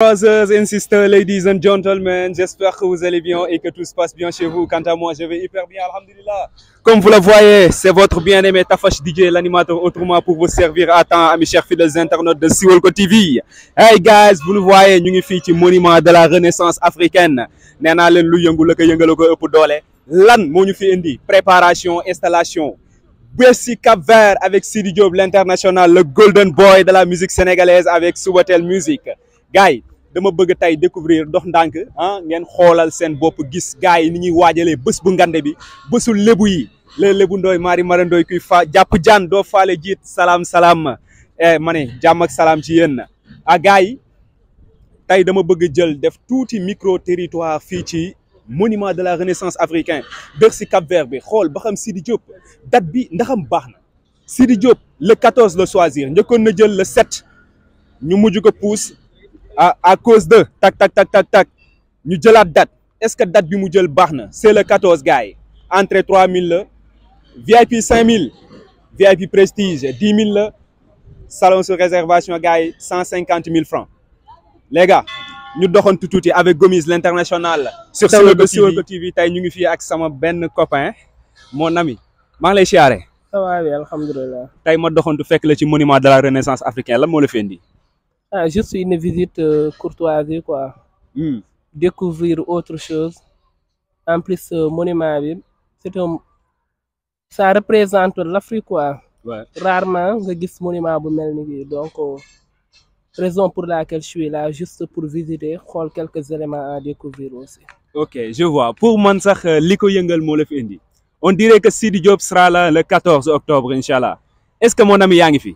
Brothers and sisters, ladies and gentlemen, j'espère que vous allez bien et que tout se passe bien chez vous. Quant à moi, je vais hyper bien, alhamdulillah. Comme vous le voyez, c'est votre bien-aimé Tafash DJ, l'animateur autrement pour vous servir à temps, à mes chers fidèles internautes de Siwolko TV. Hey guys, vous le voyez, nous sommes ici monument de la renaissance africaine. Nous sommes lu Lan préparation, installation. Bessi Cap Vert avec Sidi l'international, le golden boy de la musique sénégalaise avec Subatel Music. Guys, dama bëgg tay découvrir dox ndank ah ngeen xolal sen bop gis gaay yi ni ñuy waajalee bëss bu ngandé bi bésu lebu yi les lébu ndooy maari mara kuy fa japp jaan salam salam jitt salam salam eh mané ne ak salam ci yéen a ah, gaay yi dama bëgg jël def micro territoire fi ci monument de la renaissance africain Bercy Cap-Vert bi xol ba xam Sidi Diop date bi ndaxam Sidi Diop le 14 le choisir ñëkon na jël le 7 ñu mujj ko pousse à à cause de tac tac tac tac tac ñu la date est-ce que date du mu jël c'est le 14 gars entre 3000 le VIP 5000 VIP prestige 10 000 salon sur réservation gars 150000 150 000 francs les gars ñu tout tous avec Gomis l'international. sur le dossier TV ñu ngi fii ak sama benn copain mon ami Comment ngi lay siyaare. ça va bi alhamdulilah. tey ma doxantu fekk le ci monument de la renaissance africaine Qu'est-ce que la fi ah, juste une visite euh, courtoise quoi. Hmm. Découvrir autre chose. En plus, euh, monument, c'est ça représente l'Afrique, quoi. Rarement, je dis monument Donc, euh, raison pour laquelle je suis là, juste pour visiter, voir quelques éléments à découvrir aussi. Ok, je vois. Pour moi, Liko Molef On dirait que Sidi Diop sera là le 14 octobre, Inch'Allah. Est-ce que mon ami Yangifi?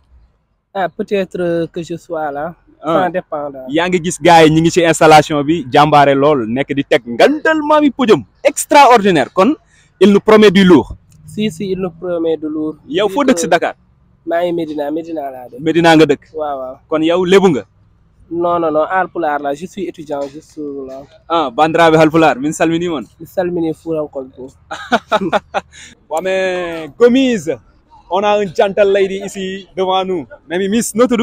Ah, peut-être que je sois là. Ah. ça dépend yaa ngi gis gars yi ñi ngi ci installation bi jàmbaare lool nekk di teg ngandal maami pojum extraordinaire kon il nous promet du lourd. si si yow foo dëkk si Dakar. maa ngi Medina Medina laa nga dëkk. waaw kon yow lébu nga. non non non alpulaar la je suis étudiant je suis là. ah alpulaar min salmini moon mi salmini fuurankoɓe fof wame gomise on a un gentle lady ici devant nous miss no tudd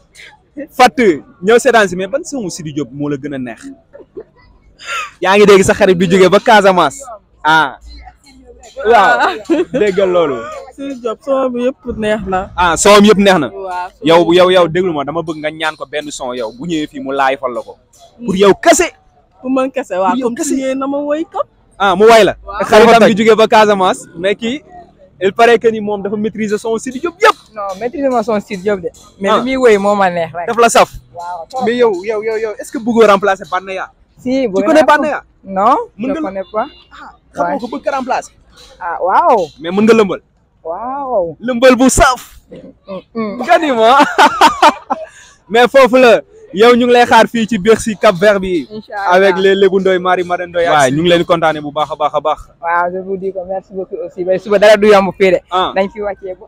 fatt ñëw seetaan mais ban son Sidi Diop moo la gën a neex yaa ngi dégg sa xarit bi jógee ba Casamance ah waaw déggal loolu. Sidi yëpp neex na. ah son yëpp neex na. yow yow yow déglu ma dama bëgg nga ñaan ko benn son yow bu ñëwee fii mu laay fal la ko. pour yow kese. pour man kese waaw comme kese na ma woy ko. ah mu way la. xaritam bi jóge ba Casamance mais kii il paraît que ni moom dafa maîtriser son Sidi Diop yëpp. non maîtrise ma son Sidy Diop de. mais li muy wéy moo ma neex rek. daf la saf. waaw mais yow yow yow yow est-ce que bëggoo remplacer Banaya. si bëgg naa ko tu connais Banaya. non je connais pas. ah xam nga ko bëgg ko remplacer. ah waaw. mais mën nga lëmbal. waaw. lëmbal bu saf. Mm, mm, mm. gani ma mais foofu la yow ñu ngi lay xaar fii ci Bercy Cap Vert bi. avec les Lébou Ndoye Marie Marème Ndoye. waaw ñu ngi leen di kontaanee bu baax a baax a baax. waaw je vous dis que merci beaucoup aussi bay suba dara du yomb fii de. dañ ah. fi wàccee ba.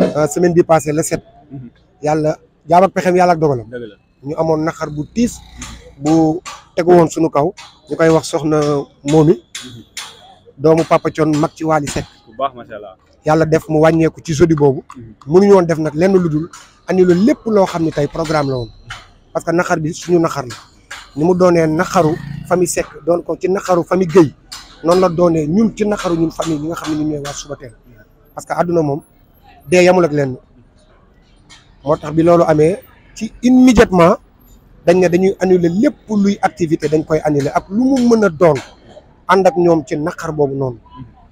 Euh, semaine bi passé le set mhm. yàlla jaam ak pexem yàlla ak dogalam ñu amoon naxar bu tiis bu tegu woon suñu kaw ñu koy wax soxna moomi mhm. doomu Papa Thione mag ci Wally Seck bu baax macha allah yàlla def mu wàññeeku ci jeudi boobu mhm. mënuñu woon def nag lenn lu dul andi lu lépp loo xam ne tay programme la woon parce que naxar bi suñu naxar la ni mu doonee naxaru famille Seck doon ko ci naxaru famille Guèye noonu la doonee ñun ci naxaru ñun famille ñi nga xam ne ñu ñooy waa suba teel parce que àdduna moom de yamul ak leen moo tax bi loolu amee ci immédiatement dañ ne dañuy annuler lépp luy activité dañ koy annuler ak lu mu mën a doon ànd ak ñoom ci naqar boobu noonu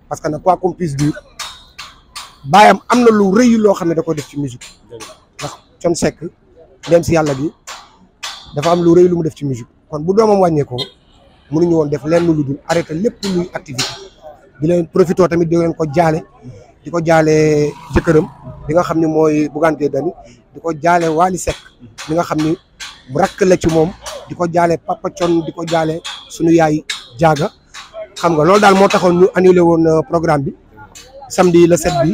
parce que nag quoi qu'on puisse dire baayam am na lu rëy loo xam ne da ko def ci musique ndax Thione sekk dem si yàlla bi dafa am lu rëy lu mu def ci musique kon bu doomam wàññeekoo mënuñu woon def leen lu dul arrêté lépp luy activité di leen profité tamit di leen ko jaale di ko jaale jëkkëram bi nga xam ne mooy Bougane Gueye Dany di ko jaale Wally Seck bi nga xam ni bu rakk la ci moom di ko jaale Papa Thion di ko jaale suñu yaay jaaga xam nga loolu daal moo taxoon ñu annulé woon euh, programme bi samedi le 7 bi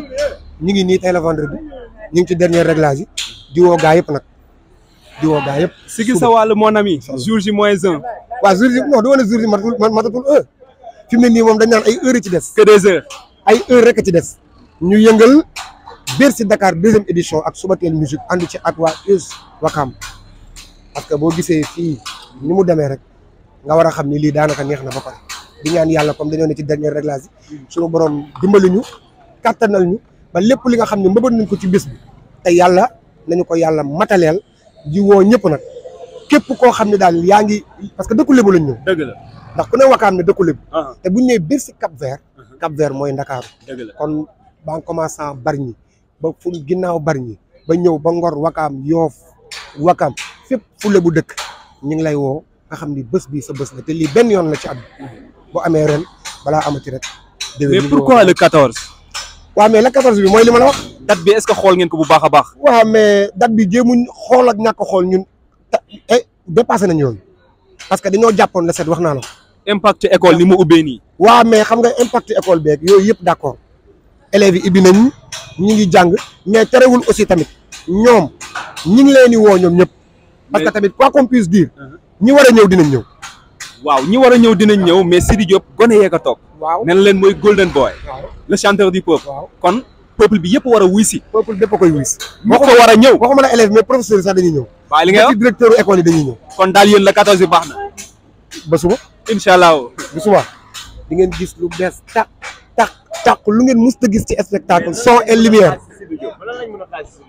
ñu ngi nii tey la vendredi bi ñu ngi ci dernier réglage di woo gaa yëpp nag di woo gaa yëpp. si gis sa wàllu mon ami. jour J moins un. jour J non du ma ne jour J matatul matatul heure fi nii moom dañ naan ay heures ci des. que des heures. ay heure rek a ci des. ñu yëngal Bercy Dakar deuxième édition ak Subatel musique and ci US Wakam parce que boo gisee fii ni mu démé rek nga wara xamni li ni daanaka neex na ba pare di ñaan yalla comme dañu né ci dernier réglage suñu borom dimbali ñu kàttanal ñu ba lepp li nga xamni ne nañ ko ci bës bi te yalla nañu ko yalla matalel di wo ñëpp nak képp ko xamni dal yaangi parce que dekkul lebu lañ ñu dëgg la ndax ku ne wakam ne dekkul lebu té buñ Bercy Cap Vert. Uh-huh. Cap Vert moy dakar kon ba en commençant Bargny ba fu ginnaw barni ba ñew ba Ngor Wakaam Yoof Wakaam fépp fule bu dëkk ñi ngi lay wo nga xam ni bés bii sa bëss la té li ben yoon la ci at bu amé ren bala amati rek. mais pourquoi le 14. wa mais le 14 bi moy li ma la wax. dat bi est ce xol ngeen ko bu baaxa baax. wa mais dat bi jëmuñ xol ak ñak xol ñun te eh, dépassé nañ yoon parce que dañu jappone la set waxna la. impact école ni mu ubé ni wa mais xam nga impact école bék yoy yëpp d'accord élèves yi ibbi nañu ñi ngi jang mais terewul aussi tamit ñom ñi ngi leen wo ñom ñep parce que tamit quoi qu'on puisse dire. ñi wara ñew dinañ ñew waaw ñi wara ñew dinañ ñew mais Sidi job goné yee tok toog. waaw nee leen mooy golden boy. le chanteur du peuple. kon peuple bi yépp wara a wuy si. peuple dépp koy wuy si. moo ko war waxuma la élève mais professeur sax dañuy ñew ba li nga wax directeur école yi dañuy ñew kon dal yeen la 14 bi baax ba suba. inshallah allah. bu suba di ngeen gis lu bees tak tàq lu ngeen mës a gis ci spectacle son et lumière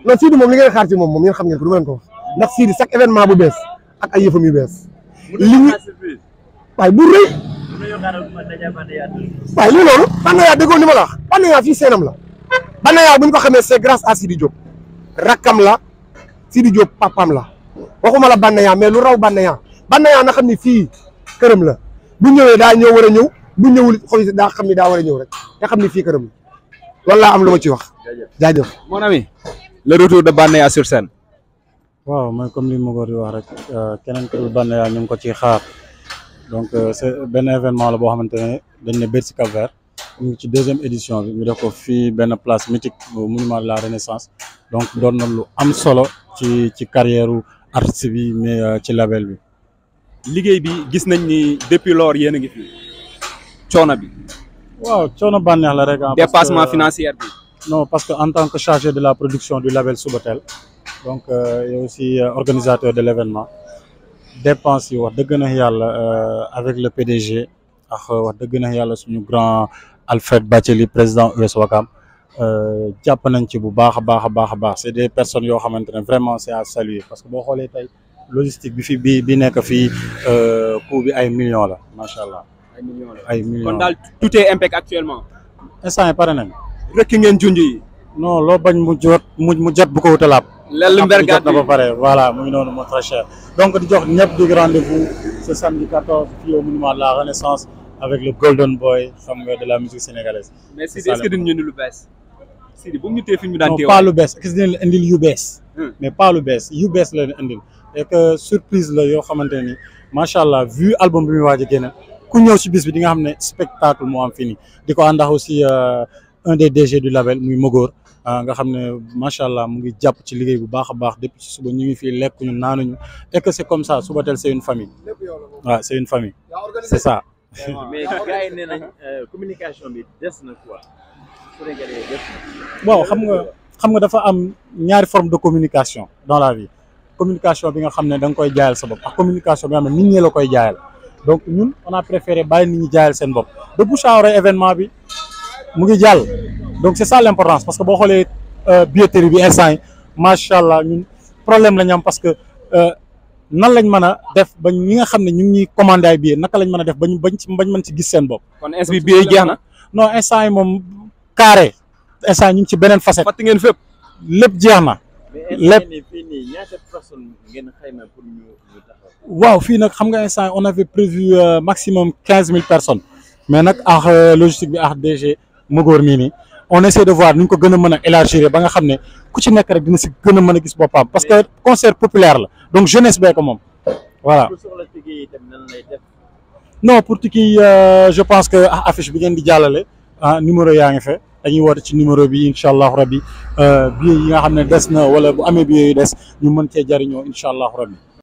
non Sidi moom li ngeen xaar ci moom moom yéen xam ngeen ko du ma leen ko wax ndax Sidi chaque événement bu bees ak ay yëfam yu bees li ñu waaye bu rëy waaye lii loolu Banaya déggoo ni ma la wax Banaya fii seenam la Banaya bu ñu ko xamee c'est grâce à Sidi Diop rakkam la Sidi Diop papam la waxuma la Banaya mais lu raw Banaya Banaya na xam ne fii këram la bu ñëwee daa ñëw war a ñëw bu ñëwul xool daa xam ni daa war a ñëw rek te xam ni fii këram loolu laa am lu ma ci wax. jaajëf mon ami le retour de Banaya sur scène. waaw mooy comme li Magor di wax rek euh, keneen ku dul Banaya ñu ngi ko ciy xaar donc euh, c'est benn événement la boo xamante ne dañ ne Bercy Cap-Vert ñu ngi ci deuxième édition bi ñu def ko fii benn place mythique mu monument de la Renaissance donc doon na lu am solo ci ci carrière artiste bi euh, ci label bi. liggéey bi gis nañ ni depuis lors yéen a ngi fi. coono waaw ah, dépassement financier non parce que en tant que chargé de la production du label Subotel, donc euh, aussi euh, organisateur de l'événement, dépense euh, avec le PDG grand Alfred Batelli, président US Wakam des personnes vraiment à saluer parce que logistique bi millions ay millions kon tout est impec actuellement. instant yi pare nañ. rëkk ngeen junj non lo bañ mu jot mu jot bu ko wutalaat. lel mbergaat dafa paré voilà mu nonu mo moo très cher. donc di jox ñep di rendez-vous ce samedi 14 fi au monument la renaissance avec le golden boy xam nga de la musique sénégalaise. Merci. est-ce que dinañu indi lu bees. Sidi bu ñu tee fi ñu daan té pas lu bees gis nañu andil yu bees. Hmm. mais pas lu bees yu bees la ñu et que surprise la yo xamanteni machallah vu album bi muy waaj a ku ñëw ci bis bi di nga xam ne spectacle moo am fii di ko àndax aussi euh, un des DG du label muy Mogor euh, nga xam ne macha allah mu ngi jàpp ci liggéey bu baax a baax depuis ci suba ñu ngi fii lekkuñu ñu naanuñu et que c'est comme ça Subatel c'est une famille waaw c'est une famille c'est ça. mais gars nee nañ euh, communication bi des na quoi. xam nga xam nga dafa am ñaari forme de communication dans la vie communication bi nga xam ne da nga koy jaayal sa bopp ak communication bi nga xam ne nit ñi la koy jaayal. donc nous, on a préféré le nit ñi jaayal seen bop de événement bi mu ngi donc c'est ça l'importance parce que xolé on euh, billetterie bi instant ñun problème la parce que euh, nan lañ mëna def ba ñi nga xamné ñu ngi commander ay naka lañ a def bañ bañ bañ mën ci gis seen bop kon bi non instant mom carré instant ñu ci benen facette. fat ngeen fep lepp lepp waaw fii nag xam nga instant on avait prévu euh, maximum 15 000 personnes mais nag ak euh, logistique bi DG Magor mii on essaie de voir nu ñu ko gën élargir ba nga xam ne ku ci nekk rek dina si gën a mën gis parce que concert populaire Là. donc jeunesse bien comme. voilà. non pour tiki yi euh, je pense que ah, affiche bi ngeen di jàllale ah, numéro yaa ngi fe dañuy woote ci numéro bi inshallah allahu rabbi bi nga xam dess des na wala bu amé billet dess des ñu mën cee jariñoo incha rabbi